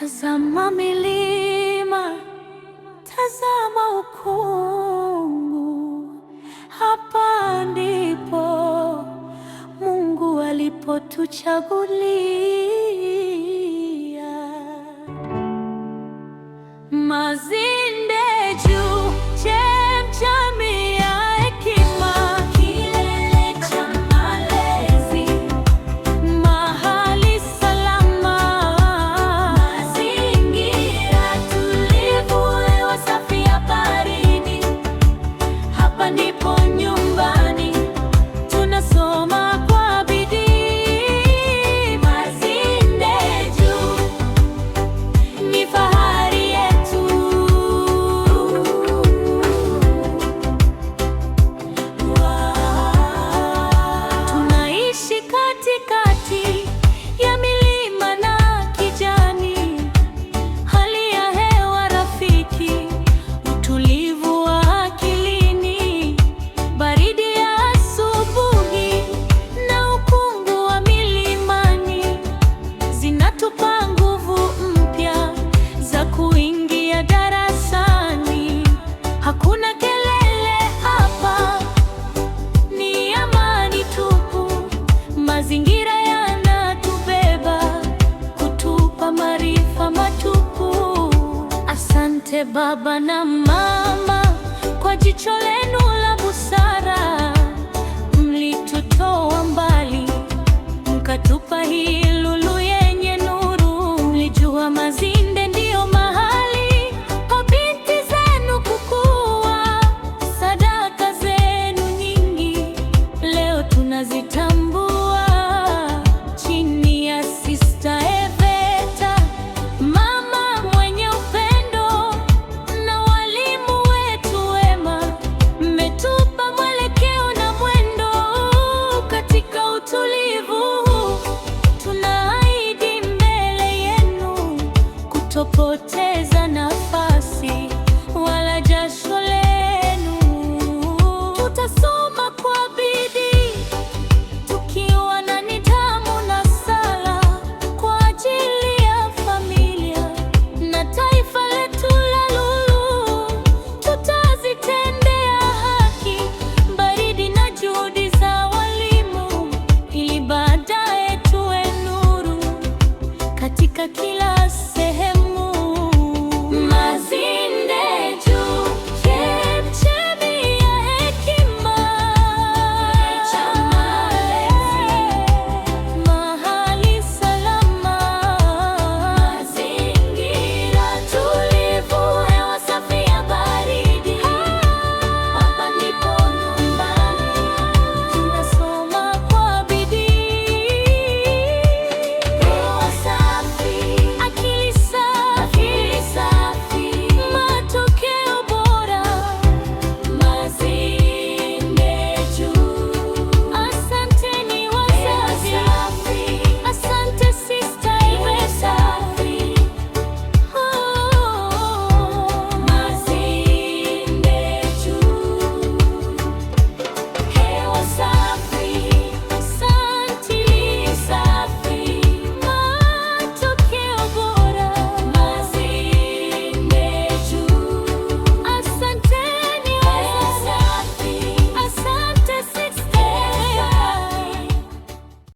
Tazama milima, tazama ukungu. Hapa ndipo Mungu alipotuchagulia mazi one baba nama hatutopoteza nafasi wala jasho lenu, tutasoma kwa bidii tukiwa na nidhamu na sala kwa ajili ya familia na taifa letu la Lulu. Tutazitendea haki baridi na juhudi za walimu, ili baadaye tuwe nuru katika kila